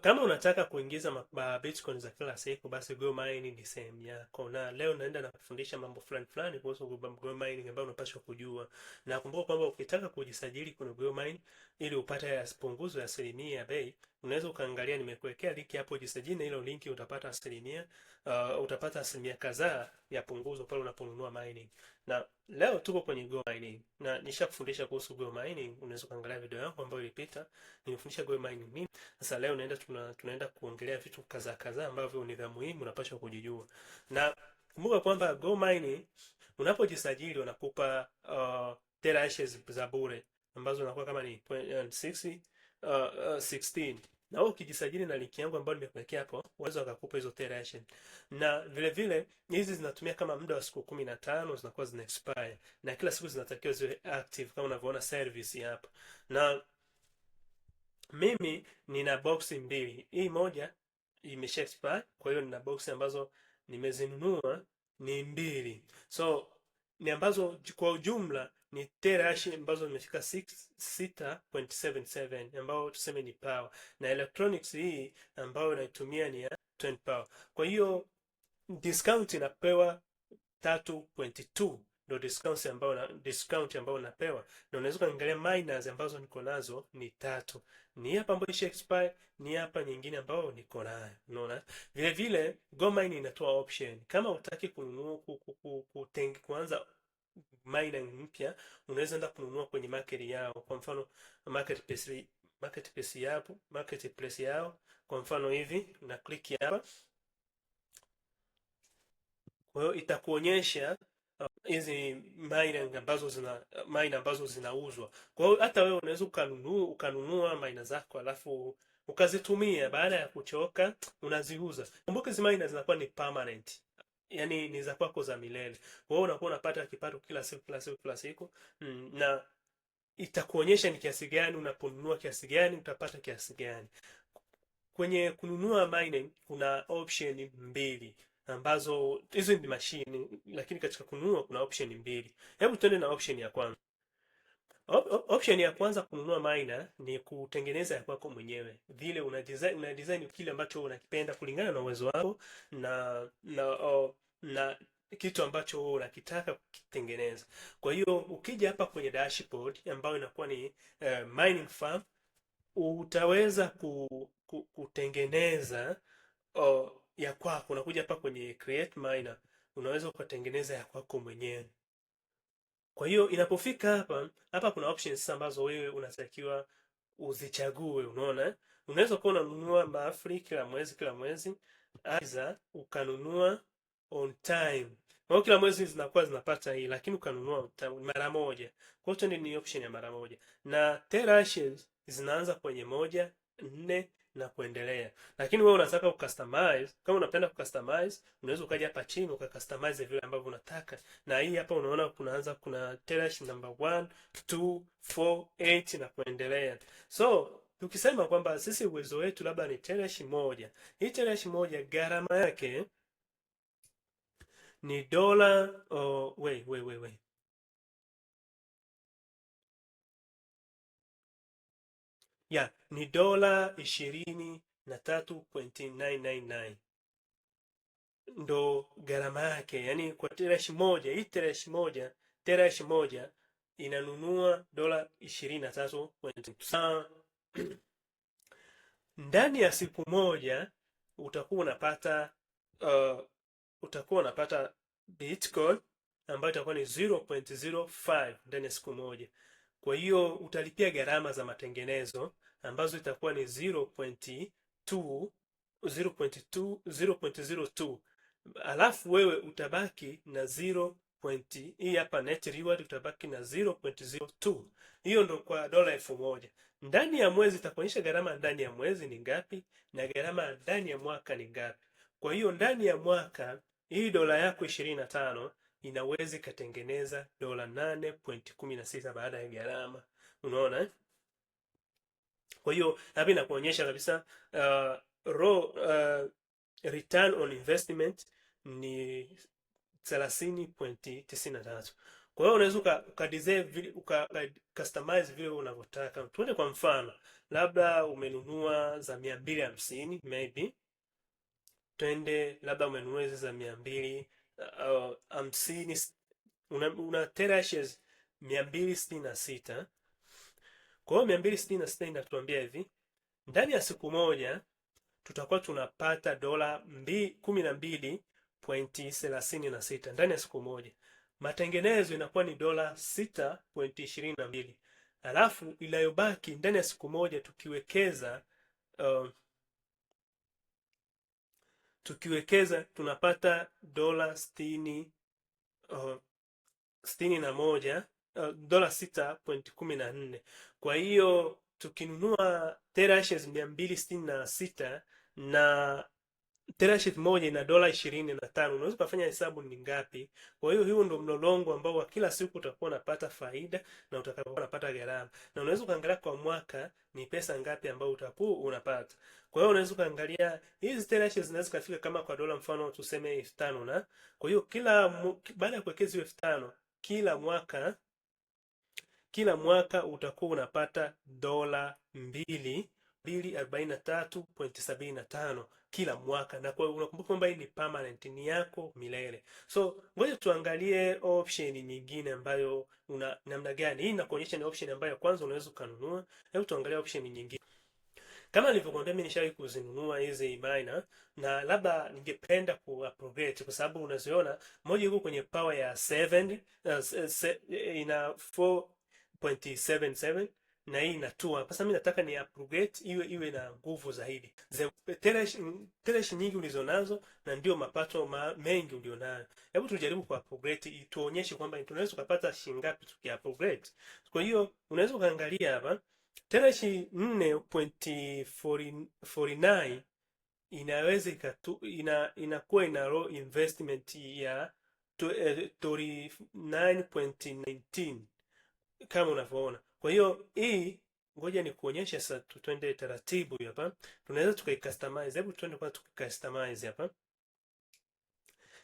Kama unataka kuingiza bitcoin za kila siku, basi go mining ni sehemu yako, na leo naenda na kufundisha mambo fulani fulani kuhusu go mining ambayo unapaswa kujua, na kumbuka kwamba ukitaka kujisajili kwenye go mining ili upate punguzo ya asilimia ya bei unaweza ukaangalia, nimekuwekea link hapo, jisajili na hilo link, utapata asilimia uh, utapata asilimia kadhaa ya punguzo pale unaponunua mining. Na leo tuko kwenye go mining na nishakufundisha kuhusu go mining, unaweza ukaangalia video yangu ambayo ilipita, nimefundisha go mining nini. Sasa leo naenda tuna, tunaenda kuongelea vitu kadhaa kadhaa ambavyo ni vya muhimu unapaswa kujijua, na kumbuka kwamba go mining unapojisajili wanakupa uh, tera hashes za bure ambazo unakuwa kama ni 0.6 16 uh, uh, na wewe ukijisajili na linki yangu ambayo nimekuwekea hapo, unaweza ukakupa hizo teration Na vile vile hizi zinatumia kama muda wa siku 15 zinakuwa zina expire, na kila siku zinatakiwa ziwe active kama unavyoona service hapa. Na mimi nina boxi mbili, hii moja imesha expire, kwa hiyo nina boxi ambazo nimezinunua ni mbili so ni ambazo kwa ujumla ni terashi ambazo zimefika 6.77 ambao tuseme ni power, na electronics hii ambayo inaitumia ni ya 20 power. Kwa hiyo discount inapewa ndo discount ambayo na discount ambayo unapewa, na unaweza kuangalia minus ambazo niko nazo ni tatu, ni hapa ambayo isha expire, ni hapa nyingine ambayo niko nayo. Unaona vile vile GoMine inatoa option kama utaki kununua ku, ku, ku, ku kutengi kuanza mining mpya, unaweza enda kununua kwenye market yao, kwa mfano market place market place yao market place yao. Kwa mfano hivi na click hapa, kwa hiyo itakuonyesha hizi mining ambazo zina mine ambazo zinauzwa. Kwa hiyo hata wewe unaweza ukanunua ukanunua mine zako alafu ukazitumia, baada ya kuchoka unaziuza. Kumbuka hizi mine zinakuwa ni permanent, yani ni za kwako za milele. Wewe unakuwa unapata kipato kila siku kila siku kila siku mm, na itakuonyesha ni kiasi gani unaponunua, kiasi gani utapata, kiasi gani. Kwenye kununua mining kuna option mbili ambazo hizi ni mashini lakini katika kununua kuna option mbili. Hebu tuende na option ya kwanza. option ya kwanza kununua miner ni kutengeneza ya kwako mwenyewe, vile una design, una design kile ambacho unakipenda kulingana na uwezo wako na na, o, na kitu ambacho unakitaka kukitengeneza. Kwa hiyo ukija hapa kwenye dashboard ambayo inakuwa ni uh, mining farm utaweza ku, ku, kutengeneza ya kwako. Unakuja hapa kwenye create minor, unaweza ukatengeneza ya kwako mwenyewe. Kwa hiyo inapofika hapa hapa, kuna options ambazo wewe unatakiwa uzichague. Unaona, unaweza kuwa unanunua mafri kila mwezi kila mwezi, aidha ukanunua on time. Kwa hiyo kila mwezi zinakuwa zinapata hii, lakini ukanunua mara moja. Kwa hiyo ni option ya mara moja, na terashes zinaanza kwenye moja nne na kuendelea. Lakini wewe unataka kucustomize, kama unapenda kucustomize, unaweza ukaja hapa chini ukacustomize vile ambavyo unataka. Na hii hapa unaona kunaanza kuna terash number 1, 2, 4, 8 na kuendelea. So tukisema kwamba sisi uwezo wetu labda ni terash moja. Hii terash moja gharama yake ni dola oh, wait, wait, wait, wait. yeah ni dola ishirini 999 ndo gharama yake, yani kwa terashi moja. Hii terashi moja terashi moja inanunua dola ishirini ndani ya siku moja utakuwa unapata uh, utakuwa unapata bitcoin ambayo itakuwa ni 0.05 ndani ya siku moja. Kwa hiyo utalipia gharama za matengenezo ambazo itakuwa ni 0.2 0.2 0.02, alafu wewe utabaki na 0 hii hapa net reward utabaki na 0.02. Hiyo ndo kwa dola elfu moja ndani ya mwezi itakuonyesha gharama ndani ya mwezi ni ngapi na gharama ndani ya mwaka ni ngapi. Kwa hiyo ndani ya mwaka hii dola yako 25 inaweza ikatengeneza dola 8.16 baada ya gharama. Unaona eh? Kwa hiyo hapa inakuonyesha kabisa uh, raw uh, return on investment ni 30.93. Kwa hiyo unaweza ukadesign uka customize vile unavyotaka. Tuone kwa mfano, labda umenunua za 250 maybe twende labda umenunua hizi za mia uh, hamsini una, una tera shares mia mbili sitini na sita kwa hiyo mia mbili sitini na sita inatuambia hivi ndani ya siku moja tutakuwa tunapata dola kumi na mbili pointi thelathini na sita ndani ya siku moja. Matengenezo inakuwa ni dola sita pointi ishirini na mbili alafu inayobaki ndani ya siku moja tukiwekeza uh, tukiwekeza tunapata dola sitini uh, sitini na moja Eh, dola sita point kumi na nne. Kwa hiyo tukinunua terashes mia mbili sitini na sita na terashes moja ina dola ishirini na tano unaweza ukafanya hesabu ni ngapi. Kwa hiyo hiyo ndo mlolongo ambao wa kila siku utakuwa unapata faida na utakapokuwa unapata gharama, na unaweza ukaangalia kwa mwaka ni pesa ngapi ambao utakuwa unapata. Kwa hiyo unaweza ukaangalia hizi terashes zinaweza kufika kama kwa dola mfano tuseme elfu tano na kwa hiyo kila baada ya kuwekeza elfu tano kila mwaka kila mwaka utakuwa unapata dola mbili 243.75 kila mwaka, na kwa unakumbuka kwamba hii ni permanent, ni yako milele. So ngoja tuangalie option nyingine ambayo una namna gani. Hii inakuonyesha ni option ambayo kwanza unaweza kununua. Hebu tuangalie option nyingine. Kama nilivyokuambia, mimi nishawahi kuzinunua hizi miner na labda ningependa ku upgrade kwa sababu unaziona moja yuko kwenye power ya 7 uh, eh, ina 4 0.77 na hii inatua sasa. Mimi nataka ni upgrade iwe iwe na nguvu zaidi. Telesh nyingi ulizonazo na ndio mapato ma, mengi ulionayo. Hebu tujaribu ku upgrade, ituonyeshe kwamba tunaweza kupata ngapi tuki upgrade. Kwa hiyo unaweza ukaangalia hapa tereshi 4.49 inaweza ikatu ina inakuwa ina raw investment ya 39.19 kama unavyoona. Kwa hiyo hii ngoja ni kuonyesha sasa, tutwende taratibu hapa. Tunaweza tukaikustomize, hebu tuende kwa tukaikustomize hapa.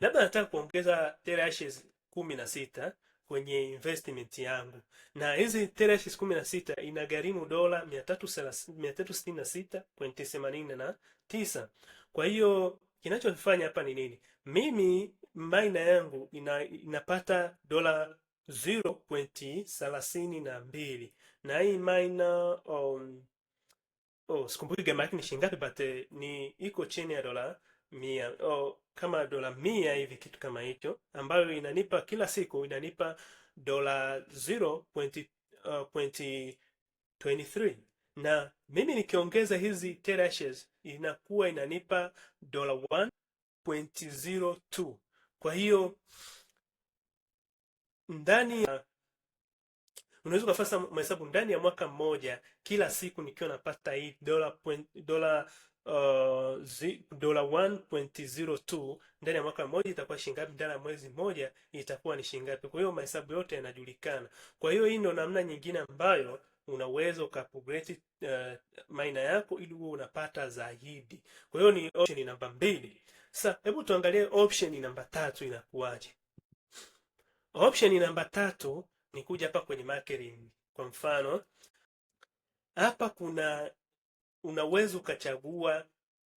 Labda nataka kuongeza terashes kumi na sita kwenye investment yangu, na hizi terashes kumi na sita inagharimu dola 366.89. Kwa hiyo kinachofanya hapa ni nini? Mimi maina yangu ina, inapata dola 0.32 na hii minor um, oh, sikumbuki gamba ni shingapi but eh, ni iko chini ya dola mia oh, kama dola mia hivi kitu kama hicho, ambayo inanipa kila siku inanipa dola 0.23 uh, na mimi nikiongeza hizi terashes inakuwa inanipa dola 1.02 kwa hiyo ndani ya unaweza ukafasa mahesabu ndani ya mwaka mmoja, kila siku nikiwa napata hii dola point, dola uh, zi, dola 1.02 ndani ya mwaka mmoja itakuwa shilingi ngapi? Ndani ya mwezi mmoja itakuwa ni shilingi Kwa hiyo mahesabu yote yanajulikana. Kwa hiyo hii ndio namna nyingine ambayo unaweza ukaprogreti uh, maina yako ili uwe unapata zaidi. Kwa hiyo ni option namba mbili. Sasa hebu tuangalie option namba tatu inakuwaje? Option namba tatu ni kuja hapa kwenye marketing. Kwa mfano hapa kuna unaweza ukachagua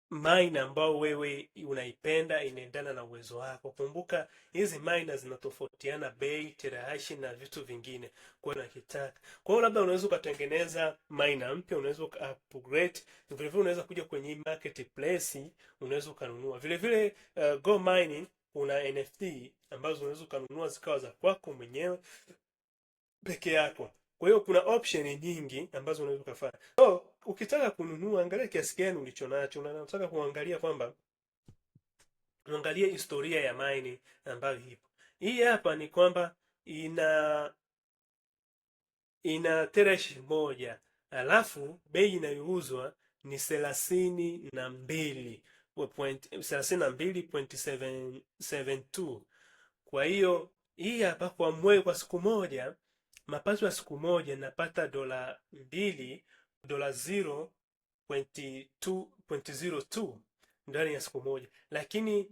maina ambao wewe unaipenda inaendana na uwezo wako. Kumbuka hizi maina zinatofautiana bei, terahashi na vitu vingine kwa unakitaka. Kwa hiyo labda unaweza ukatengeneza maina mpya, unaweza upgrade. Vile vile unaweza kuja kwenye marketplace, unaweza ukanunua. Vile vile uh, Go Mining una NFT ambazo unaweza ukanunua zikawa za kwako mwenyewe peke yako. Kwa hiyo kuna option nyingi ambazo unaweza ukafanya. So, ukitaka kununua, angalia kiasi gani ulicho nacho. Unataka kuangalia kwamba uangalie historia ya mine ambayo ipo. Hii hapa ni kwamba ina ina teresh moja alafu bei inayouzwa ni thelathini na mbili. 32. Kwa hiyo hii hapa kwa mwe kwa siku moja, mapato ya siku moja napata dola mbili dola 0.2.02 ndani ya siku moja, lakini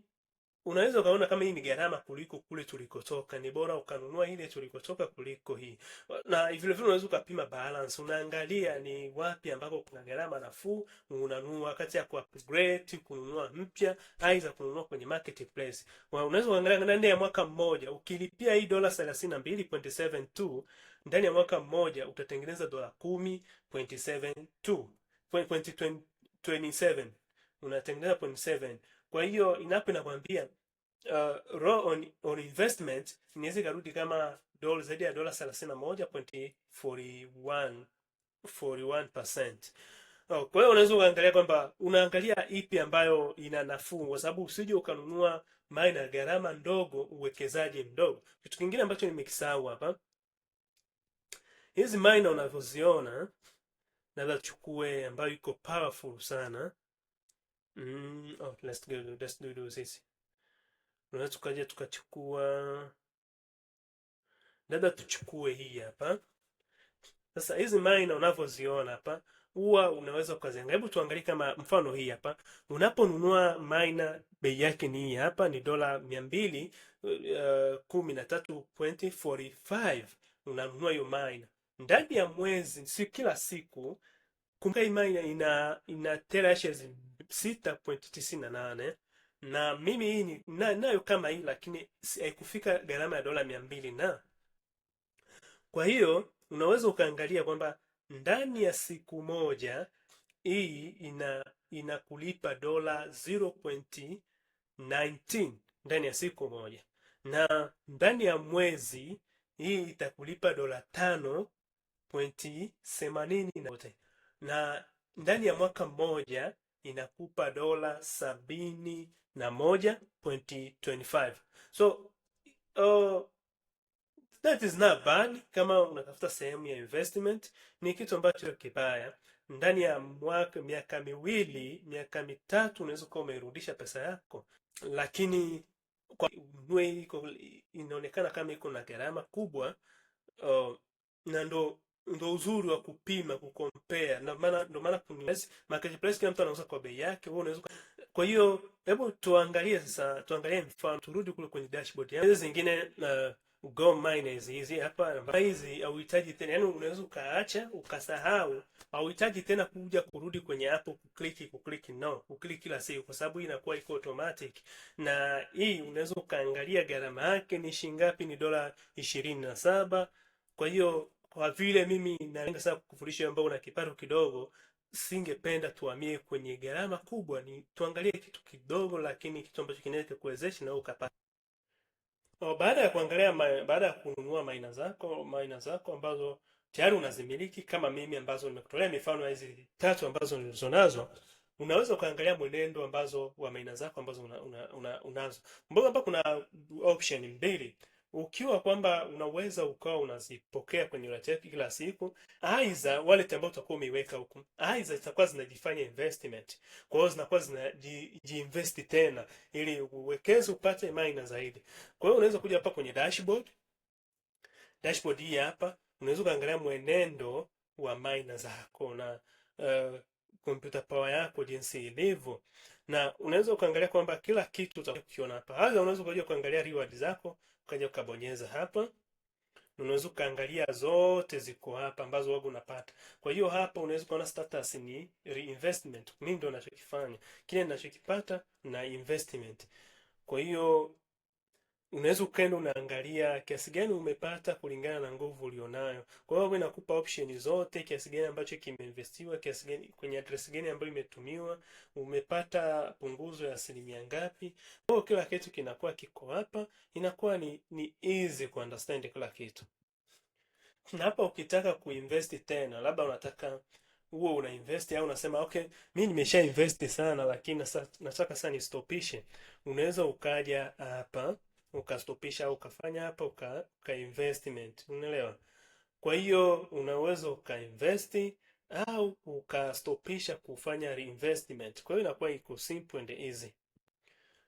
unaweza ukaona kama hii ni gharama kuliko kule tulikotoka, ni bora ukanunua ile tulikotoka kuliko hii. Na vile vile unaweza ukapima balance, unaangalia ni wapi ambako kuna gharama nafuu, unanunua kati ya ku upgrade, kununua mpya, aidha kununua kwenye marketplace. Unaweza ukaangalia ndani ya mwaka mmoja ukilipia hii dola 32.72 ndani ya mwaka mmoja utatengeneza dola 10.72 27 unatengeneza 0.7. Kwa hiyo inapo inakwambia uh, raw on, on investment inaweza ikarudi kama dola zaidi ya dola 31.41%. moja 41 Oh, kwa hiyo unaweza ukaangalia kwamba unaangalia ipi ambayo ina nafuu, kwa sababu usije ukanunua maina gharama ndogo, uwekezaji mdogo. Kitu kingine ambacho nimekisahau hapa, hizi maina unavyoziona naweza chukue ambayo iko powerful sana mm, oh, let's go, let's do, this. Unaweza tukaja tukachukua, labda tuchukue hii hapa sasa. Hizi maina unavyoziona hapa huwa unaweza ukazenga. Hebu tuangalie kama mfano hii hapa, unaponunua maina bei yake ni hii hapa, ni dola mia mbili uh, kumi na tatu Unanunua hiyo maina ndani ya mwezi, si kila siku. Kumbuka hii maina ina, ina tera sita pointi tisini na nane na mimi hii nayo kama hii, lakini haikufika eh, gharama ya dola mia mbili na kwa hiyo unaweza ukaangalia kwamba ndani ya siku moja hii ina inakulipa dola 0.19 ndani ya siku moja, na ndani ya mwezi hii itakulipa dola 5.80 na ndani ya mwaka mmoja inakupa dola sabini na moja pointi 25. So uh, that is not bad. Kama unatafuta sehemu ya investment, ni kitu ambacho kibaya ndani ya mwaka, miaka miwili, miaka mitatu unaweza kuwa umerudisha pesa yako, lakini kwa nwe inaonekana kama iko na gharama kubwa uh, na ndo ndo uzuri wa kupima kukompea, na maana ndo maana kuna marketplace, kila mtu anauza kwa bei yake, wewe unaweza. Kwa hiyo hebu tuangalie sasa, tuangalie mfano, turudi kule kwenye dashboard yangu zingine na uh, go miners hizi hapa na hizi, hauhitaji tena, yani unaweza ukaacha ukasahau, hauhitaji tena kuja kurudi kwenye hapo kukliki kukliki, no kukliki kila siku, kwa sababu inakuwa iko automatic, na hii unaweza ukaangalia gharama yake ni shilingi ngapi, ni dola 27 Kwa hiyo kwa vile mimi nalenga sana kukufundisha ambao una kipato kidogo, singependa tuamie kwenye gharama kubwa, ni tuangalie kitu kidogo, lakini kitu ambacho kinaweza kukuwezesha na ukapata. Oh, baada ya kuangalia ma, baada ya kununua maina zako maina zako ambazo tayari unazimiliki kama mimi, ambazo nimekutolea mifano ya hizi tatu ambazo nilizonazo, unaweza ukaangalia mwenendo ambazo wa maina zako ambazo una, una, una, unazo. Mbona hapa kuna option mbili ukiwa kwamba unaweza ukawa unazipokea kwenye ratiba yako kila siku, aidha wallet ambayo utakuwa umeiweka huko, aidha zitakuwa zinajifanya investment, kwa hiyo zinakuwa zinajiinvest tena, ili uwekeze upate maina zaidi. Kwa hiyo unaweza kuja hapa kwenye dashboard. Dashboard hii hapa, unaweza kuangalia mwenendo wa maina zako na uh, eh, kompyuta power yako jinsi ilivyo, na unaweza ukaangalia kwamba kila kitu utakiona hapa. Aidha unaweza kuja kuangalia reward zako ukaja ukabonyeza hapa, unaweza ukaangalia zote ziko hapa ambazo wagu unapata. Kwa hiyo hapa unaweza kuona status ni reinvestment. Mimi ndio ninachokifanya kile ninachokipata na investment. Kwa hiyo unaweza ukaenda unaangalia kiasi gani umepata kulingana na nguvu ulionayo. Kwa hiyo inakupa option zote, kiasi gani ambacho kimeinvestiwa, kiasi gani kwenye address gani ambayo imetumiwa, umepata punguzo ya asilimia ngapi. Kwa hiyo kila kitu kinakuwa kiko hapa, inakuwa ni, ni easy ku understand kila kitu. Na hapa ukitaka kuinvest tena, labda unataka uwe una invest au unasema okay, mi nimesha invest sana, lakini nataka sasa nistopishe, unaweza ukaja hapa ukastopisha au ukafanya hapa uka, uka investment unaelewa. Kwa hiyo unaweza ukainvest au ukastopisha kufanya reinvestment. Kwa hiyo inakuwa iko simple and easy.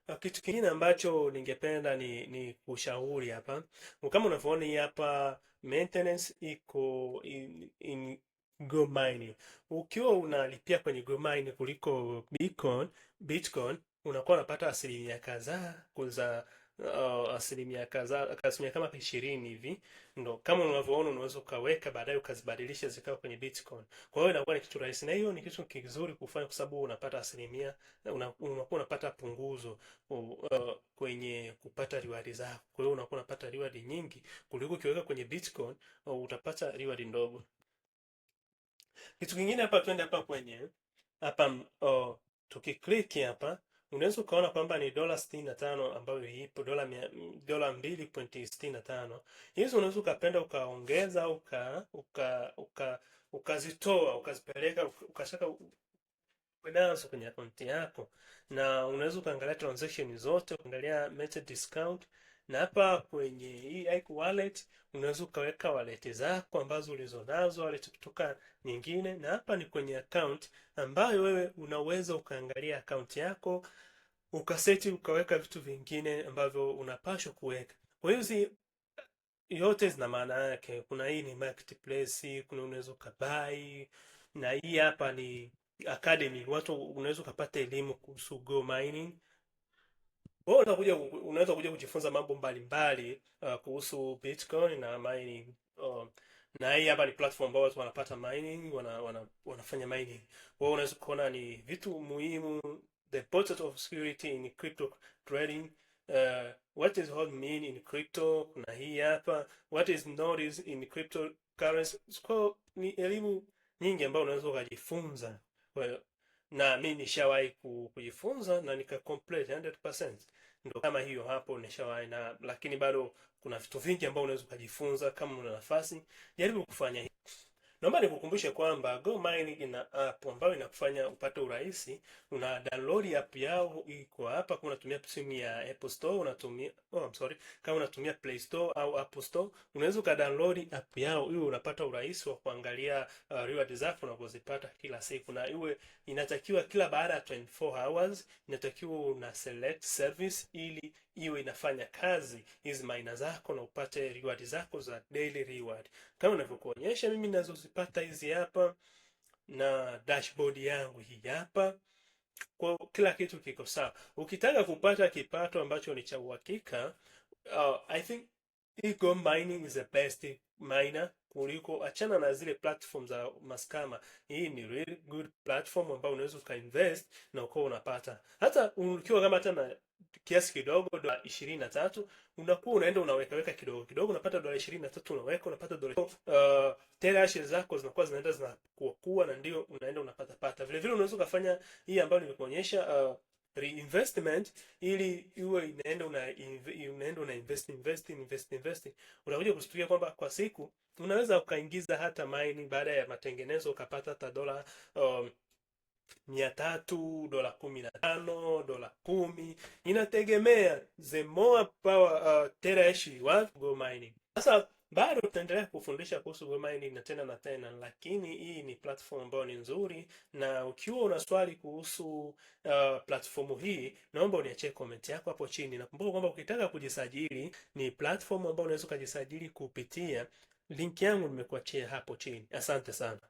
Ah, kitu kingine ambacho ningependa ni, ni kushauri hapa, kama unavyoona hii hapa maintenance iko in, in GoMine. Ukiwa unalipia kwenye GoMine kuliko Bitcoin, Bitcoin unakuwa unapata asilimia kadhaa kuza uh, asilimia kadhaa asilimia kama ishirini hivi, ndo kama unavyoona, unaweza ukaweka baadaye ukazibadilisha zikawa kwenye Bitcoin. Kwa hiyo inakuwa ni kitu rahisi, na hiyo ni kitu kizuri kufanya, kwa sababu unapata asilimia unakuwa una, unapata punguzo uh, kwenye kupata riwadi zako. Kwa hiyo unakuwa unapata riwadi nyingi kuliko ukiweka kwenye Bitcoin uh, utapata riwadi ndogo. Kitu kingine hapa, twende hapa kwenye hapa uh, tukiklik hapa unaweza ukaona kwamba ni dola sitini na tano ambayo ipo dola dola mbili pointi sitini na tano hizo unaweza ukapenda ukaongeza uka uka uka ukazitoa ukazipeleka ukashaka nazo kwenye akaunti yako, na unaweza ukaangalia transaction zote, ukaangalia method discount na hapa kwenye hii Ike wallet unaweza ukaweka wallet zako ambazo ulizonazo, wallet kutoka nyingine, na hapa ni kwenye account ambayo wewe unaweza ukaangalia account yako ukaseti ukaweka vitu vingine ambavyo unapashwa kuweka. Kwa hiyo hizi yote zina maana yake. Kuna hii ni marketplace, kuna unaweza ukabai, na hii hapa ni academy, watu unaweza ukapata elimu kuhusu gold mining wewe unakuja unaweza kuja kujifunza mambo mbalimbali mbali, uh, kuhusu Bitcoin na mining. Uh, na hii hapa ni platform ambayo watu wanapata mining, wana, wana, wanafanya mining. Wewe unaweza kuona ni vitu muhimu the importance of security in crypto trading. Uh, what is hold mean in crypto? Kuna hii hapa what is not is in crypto currency So ni elimu nyingi ambayo unaweza ukajifunza. Well, na mimi nishawahi kujifunza na nika complete 100% ndo kama hiyo hapo nishawahi na, lakini bado kuna vitu vingi ambavyo unaweza ukajifunza. Kama una nafasi, jaribu kufanya hiyo. Naomba nikukumbushe kwamba Go Mining ina app ambayo inakufanya upate urahisi. Una download app yao iko hapa, kama unatumia simu ya Apple Store, unatumia oh, I'm sorry, kama unatumia Play Store au Apple Store, unaweza ka download app yao hiyo, unapata urahisi wa kuangalia uh, reward zako unazozipata kila siku, na iwe inatakiwa kila baada ya 24 hours inatakiwa una select service ili iwe inafanya kazi hizi maina zako na upate reward zako za daily reward, kama ninavyokuonyesha mimi ninazozipata hizi hapa, na dashboard yangu hii hapa kwa kila kitu kiko sawa. Ukitaka kupata kipato ambacho ni cha uhakika, uh, I think ego mining is the best miner kuliko achana na zile platform za maskama. Hii ni really good platform ambayo unaweza ukainvest na ukawa unapata hata ukiwa kama hata na kiasi kidogo dola ishirini na tatu unakuwa unaenda unawekaweka kidogo kidogo, unapata dola ishirini na tatu unaweka unapata dola uh, tena zako zinakuwa zinaenda zinakuwa kuwa na ndio unaenda unapata pata. Vile vile unaweza ukafanya hii ambayo nimekuonyesha uh, reinvestment ili iwe inaenda una unaenda una invest invest invest invest, unakuja kustukia kwamba kwa siku unaweza ukaingiza hata maini baada ya matengenezo ukapata hata dola um, mia tatu dola kumi na tano dola kumi inategemea the more power uh, tera wa gold mining. Sasa bado tutaendelea kufundisha kuhusu gold mining na tena na tena, lakini hii ni platform ambayo ni nzuri, na ukiwa una swali kuhusu uh, platform hii naomba uniachie comment yako hapo chini. Nakumbuka kwamba ukitaka kujisajili ni platform ambayo unaweza ukajisajili kupitia link yangu nimekuachia hapo chini. Asante sana.